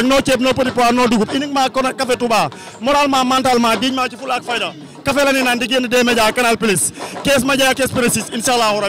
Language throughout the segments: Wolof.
rek noo ceeb noo petit pois noo dugub uniquement kon ak café Touba moralement mentalement dignement ci fula ak fayda café la ñuy naan di génn des médias kees média kees précis incha allahu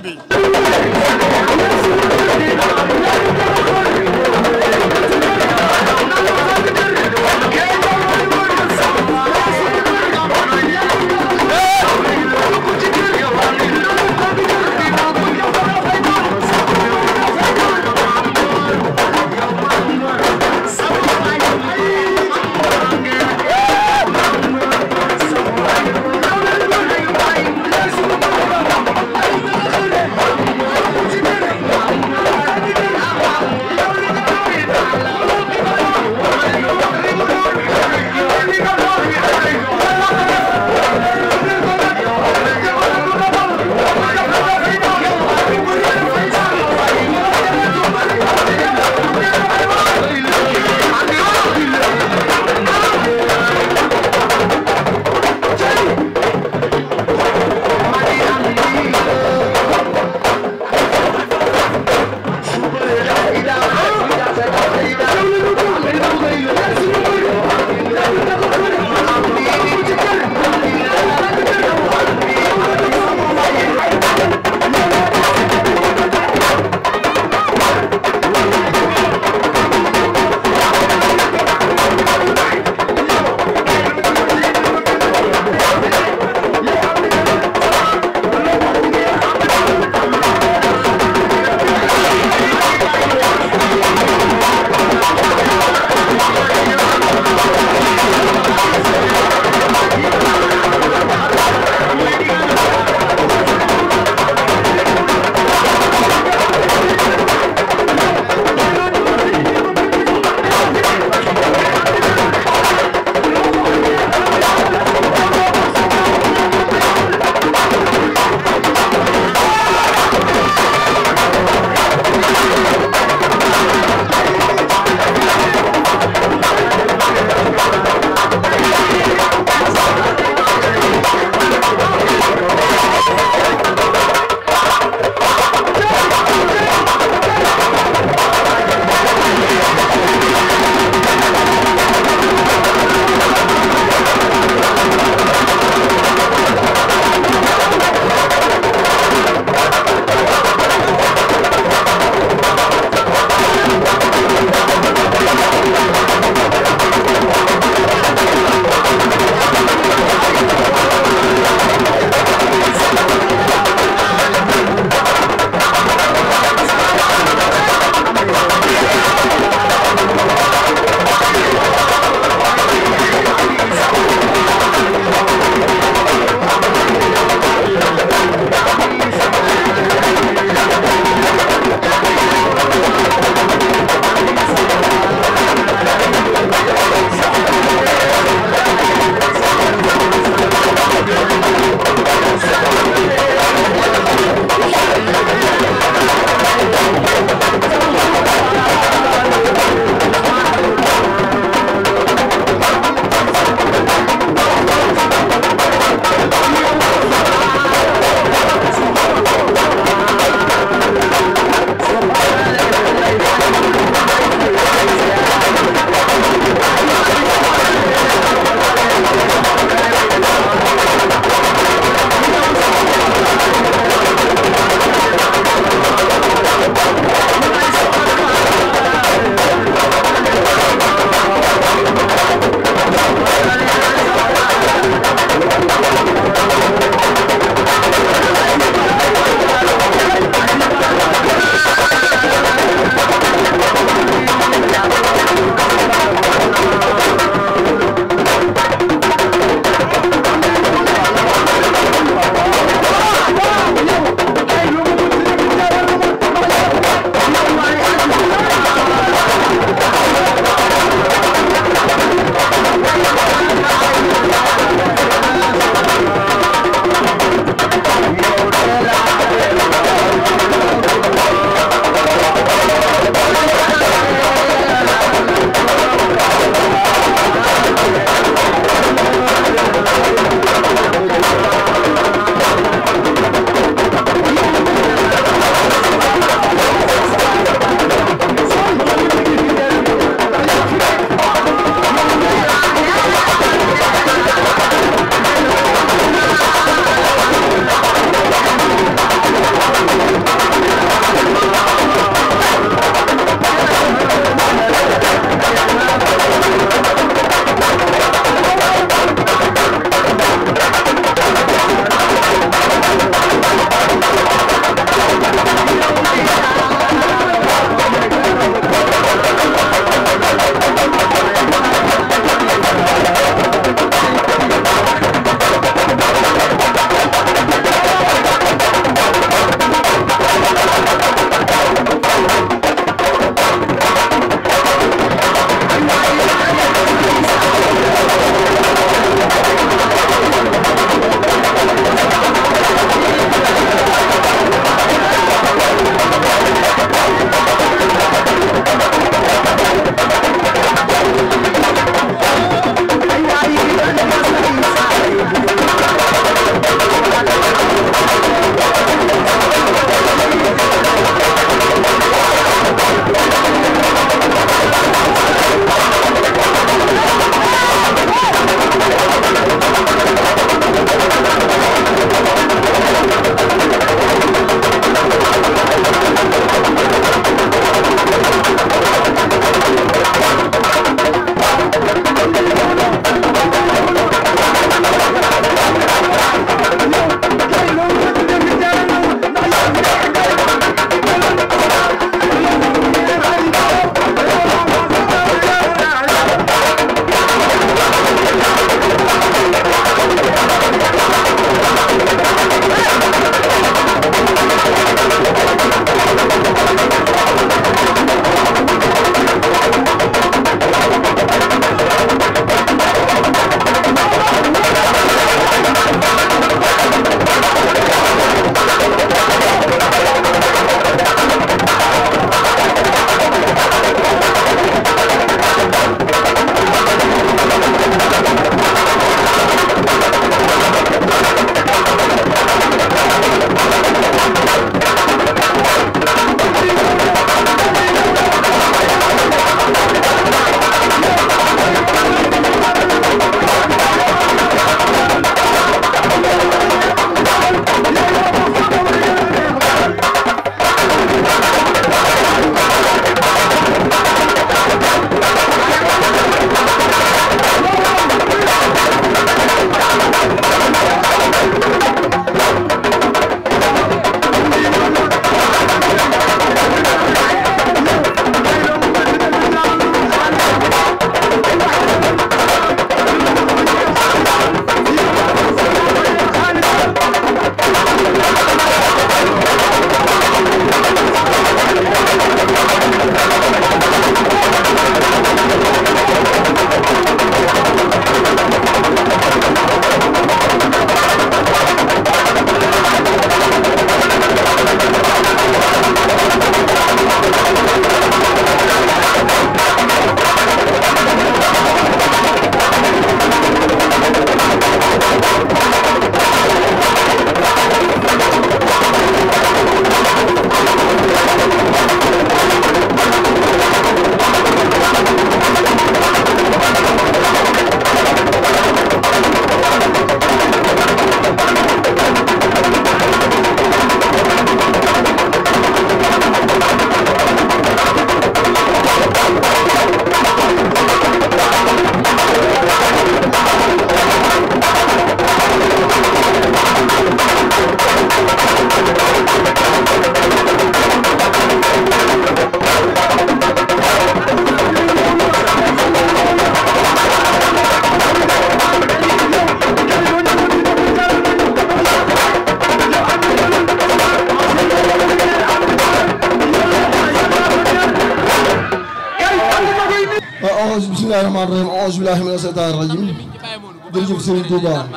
Serigne Touba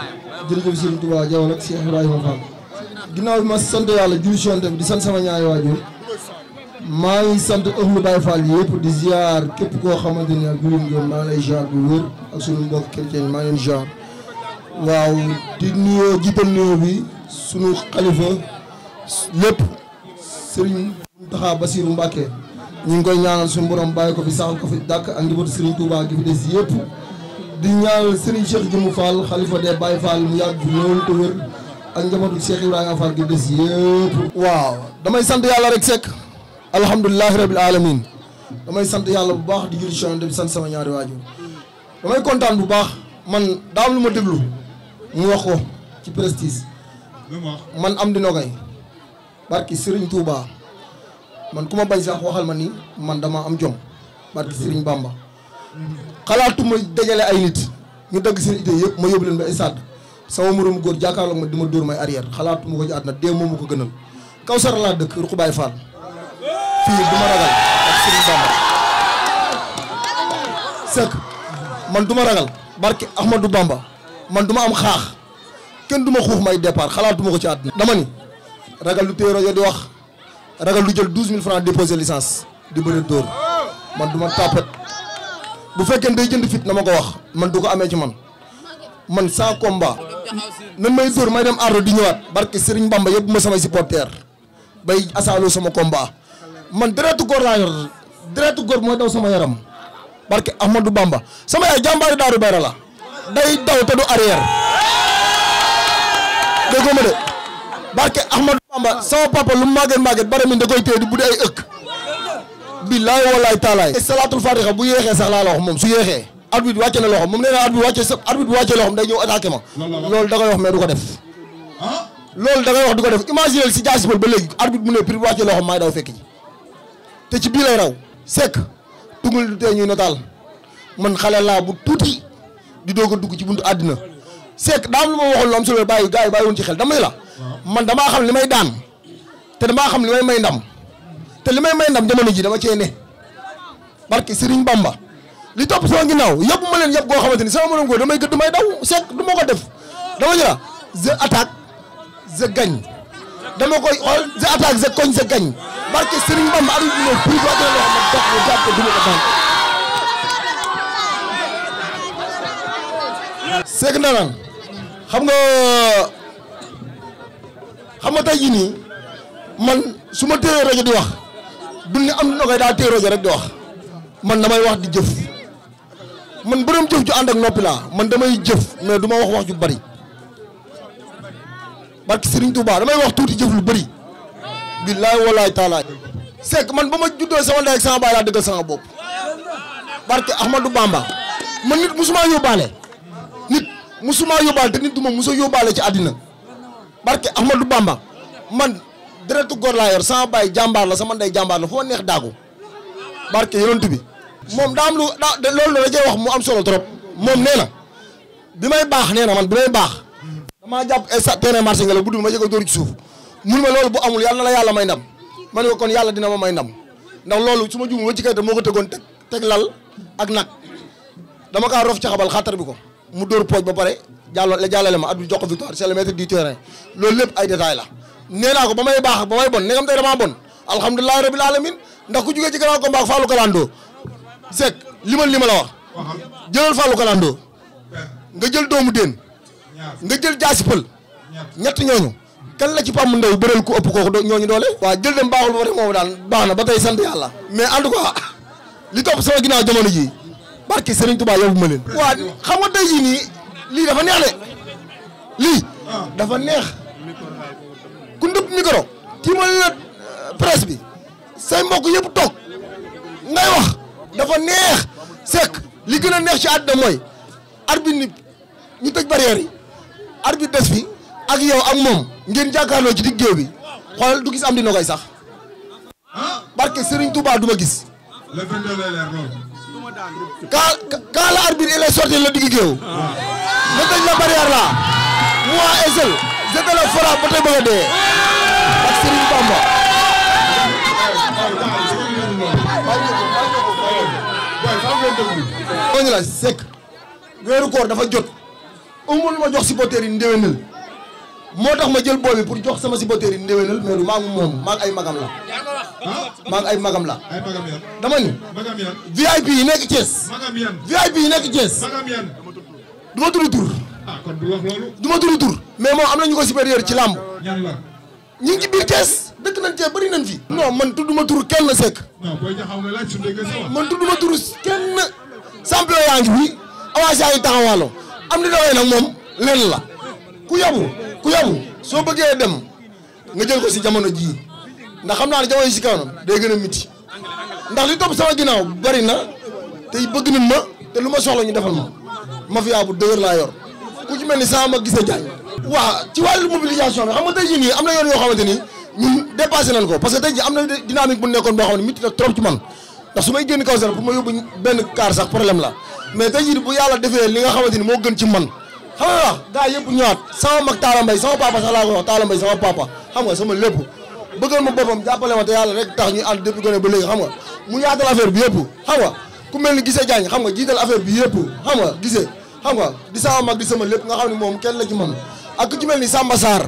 jërëjëf Serigne Touba Diaw nag Cheikh Ibrahima Fall ginnaaw bi ma sant yàlla julli si yoon di sant sama ñaay waajur maa ngi sant ëxlu Baye Fall yëpp di ziar képp koo xamante ne ak jullit ngeen maa ngi lay ziar bu wér ak suñu mbokk chrétien maa ngi leen waaw di nuyoo jiital nuyoo bi suñu xalifa lépp Serigne Mountakha Bassirou Mbacké ñu ngi koy ñaanal suñu borom bàyyi ko fi saxal ko fi dàkk ak njabootu Serigne Touba gi fi des yëpp di ñaanal Serigne Cheikh Jëmu Fall xalifa dee Baye Fall mu yàgg loolu te wér ak njabootu Cheikh Ibrahima Fall gi des yëpp. waaw damay sant yàlla rek sekk alhamdulilahi rabil alamin damay sant yàlla bu baax di julli Yonent bi sant sama ñaari waajur damay kontaan bu baax man daa am lu ma déglu mu wax ko ci prestige man am di nogay barki Serigne Touba man ku ma bañ sax waxal ma ni man dama am jom barki Serigne Bamba. xalaatu ma dajale ay nit ñu dagg seen idée yëpp ma yóbbu leen ba ay sàdd sama moroom góor jàkkaarloog ma di ma dóor may arrière xalaatu ma ko ci àdduna dee moom ma ko gënal kaw sara laa dëkk ruqu baay faal fii ragal ak Serigne Bamba sëkk man du ragal barke Ahmadou Bamba man du am xaax kenn du ma xuux may départ xalaatu ko ci àdduna dama ni ragal lu téye rajo di wax ragal lu jël douze mille francs déposé licence di bëri dóor man du ma bu fekkee day jënd fit na ma ko wax man du ko amee ci man man sans combat nan may dóor may dem ardo di ñëwaat barke Serigne Bamba yëpp ma samay supporter bay asaaloo sama combat man deretu góor laa yor góor mooy daw sama yaram barke Ahmadou Bamba sama yaay jàmbaari daaru bayra la day daw te du arrière déggoo ma de barke Ahmadou Bamba sama papa lu mu màgget màgget bara da koy téye di bu di ay ëkk billaay walaay taalaay salaatul fatiha bu yéexee sax laa la wax moom su yéexee arbitre wàcce na loxom moom nee naa arbitre wàcce arbitre bu wàcce loxom day ñëw attaqué ma loolu da wax mais du ko def loolu da wax du ko def imaginer si jaasipal ba léegi arbitre mu ne prix bu wàcce loxom maay daw fekk ji te ci bii lay raw sekk tungul du tee ñuy nataal man xale laa bu tuuti di doo ko dugg ci buntu àddina sekk daam lu ma waxoon lu am solo yi bàyyi woon ci xel damay la man damaa xam li may daan te damaa xam li may may ndam te li may may ndam jamono ji dama cee ne barki Serigne Bamba li topp sama ginnaaw yëpp ma leen yëpp goo xamante ni sama mënoon ko damay gëdd may daw seet du ma ko def dama jëla je attaque je koy xool Bamba aduñ bi moom prix bi ak loo xam ne dox ko xam nga xam nga tey jii nii man su ma téye rajo di wax du ne am na koy daa téerose rek di wax man damay wax di jëf man bërëm jëf ju ànd ak noppi laa man damay jëf mais du ma wax wax ju bari barki Serigne Touba damay wax tuuti jëf lu bari billaay walaay taalaay Seck man ba ma juddoo sama ndey ak sama baay laa dëggal sama bopp barke Ahmadou Bamba man nit musuma yóbbaale nit musuma yóbbaale te nit du ma musa yóbbaale ci àddina barke Ahmadou Bamba man deretu góor laa yor sama baay jàmbaar la sama ndey jàmbaar la foo neex daagu barke yonent bi moom daa am lu daa loolu la cay wax mu am solo trop moom nee na bi may baax nee na man bi may baax damaa jàpp sa terrain marché nga la guddi ma jëkk a dóor ci suuf mun ma loolu bu amul yàlla na la yàlla may ndam ma ne ko kon yàlla dina ma may ndam ndax loolu su ma jumul wëcc kayit moo ko tegoon teg teg lal ak nag dama kaa rof ci xabal xattar bi ko mu dóor pooj ba pare jàllo la jàllale ma at bi jox ko victoire c'est ay détails la nee naa ko ba may baax ba may bon ne nga tey damaa bon alhamdulilah rabil alamin ndax ku jugee ci grand combat ak Fallou Kalando Seck limal li ma la wax jëlal Fallou Kalando nga jël doomu déen nga jël jaasi pël ñett ñooñu kan la ci pam ndaw bëreel ku ëpp kooku ñooñu doole waaw jël dem baaxul ba tey moom daal baax na ba tey sant yàlla mais en ko cas li topp sama ginnaaw jamono ji barki Serigne Touba yóbbu ma leen waaw xam nga tey jii nii lii dafa neex de lii dafa neex ku ndëpp micro tiimale la euh, presse bi say mbokk yëpp toog ngay wax dafa neex sekk li gën a neex ci àdduna mooy arbitre ni ñu tëj barrière yi arbitre des fi ak yow ak moom ngeen jàkkaarloo ci digg géew bi xoolal du gis am dina koy sax barke Serigne Touba du ma gis. le 22 lay leer loolu. quand sorti la digg géew. Ah. nga tëj la barrière là moi et seul. je te le ferai ba tey bëgg a dee. ak Serigne Bamba. ñooñu la sekk weeru koor dafa jot amul ma jox supporters yi ndéwénal moo ma jël boobi pour jox sama supporters yi mais ngi ngi ay magam la ngi ay magam la dama ya. ni VIP yi nekk VIP yi nekk Thiès du ma duma du dur mais moom amna ñuko supérieur ci lamb ñi ngi ci biir Thiès dëkk nañ ci bari nañ fi. non man tuduma tur kenn sekk. non booy ñaxaw nga laaj su dee man tuduma tur kenn. sample yaangi ngi fi avance yaa am li doxee nak mom len la ku yabu ku yabu so bëggee dem nga jël ko ci jamono ji ndax xamna ni jamono ci kanam day gëna miti ndax li top sama ginaaw bari na tay bëgg nañ ma te luma soxla ñu defal ma mafia bu deur la yor. ku ci mel ni sama mag gisee jaañ waaw ci wàllu mobilisation bi xam nga tey jii nii am na yoon yoo xamante ni ñun dépassé nañ ko parce que tey jii am na dynamique bu nekkoon boo xam ne métti na trop ci man ndax la mais tey jii bu yàlla defee li nga xamante ni moo gën ci man xam nga wax gars yëpp ñëwaat sama mag Talla sama papa sax laa ko wax Talla Mbaye sama papa xam nga sama lépp bëggal ma boppam jàppale ma te yàlla rek tax ñu ànd depuis gone ba léegi xam nga mu yaatal affaire bi yëpp xam nga ku xam nga di sama mag di sama lépp nga xam ne moom kenn la ci man ak ku ci mel Samba xam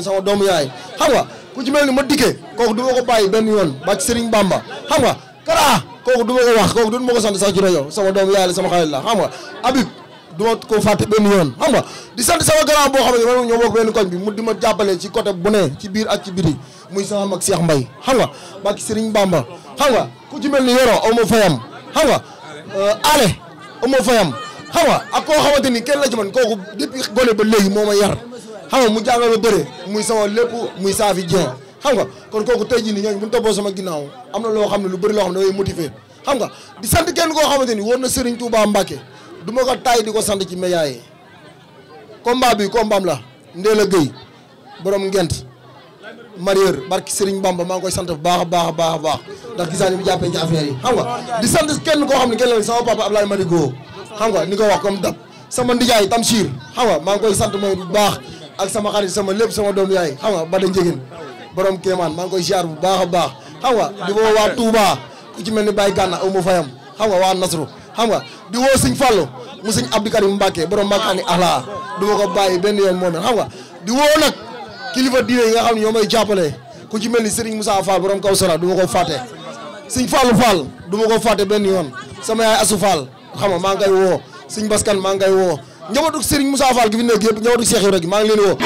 sama doomu yaay xam nga ku ci mel ni ma dikkee kooku du ma ko bàyyi Bamba xam Kara kau du ma ko wax kooku du ma ko sax ci sama doomu yaay la sama xarit la xam nga Habib du ma ko fàtte ben yoon xam nga di sant sama grand boo xam ñoo bokk koñ bi mu di ma jàppale ci côté bu ne ci biir ak ci biti sama mag Cheikh Mbaye xam nga Bamba xam nga ku ci euro Yoro fayam xam euh, ale aw fayam xam nga ak koo xamante ni kenn la ci man kooku depuis gone ba léegi moo ma yar xam nga mu jàngal ma bëre muy sama lépp muy saafi jeen xam nga kon kooku tey jii ni ñooñu bu ñu toppoo sama ginnaaw am na loo xam ne lu bëri loo xam ne dafay motiver xam nga di sant kenn koo xamante ni war na Serigne Touba Mbacke du ma ko taay di ko sant ci média yi bi combat la Ndéla Gueye borom ngent marieur barki Serigne Bamba maa ngi koy sant bu baax a baax a baax a baax ndax gis naa ni mu jàppee ci affaire yi xam nga di sant kenn koo xam ne kenn la sama papa Abdoulaye Madigo xam nga ni ko wax comme dab sama ndijaay Tamsir xam nga ma ngoy sante moy bu baax ak sama xarit sama lepp sama doom yaay xam nga da ngeen borom keman ma ngoy ziar bu baax baax xam nga di wo wa Touba ku ci melni Baye ganna o mo fayam xam nga wa Nasru xam nga di wo seigne fallo mu seigne Abdou Karim mbake borom makani ala du ko baye ben yoon moom xam nga di wo nak kilifa diine nga xam ne ku ci melni Serigne Moussa Fall borom Kawsara du ko faté seigne fallo Fall du ko faté ben yoon sama yaay asou Fall xam nga maa ngi woo sëñ Baskan maa ngi koy woo njabootu Serigne Moussa Fall gi fi nekk yëpp njabootu Cheikh Ibrahima maa ngi leen woo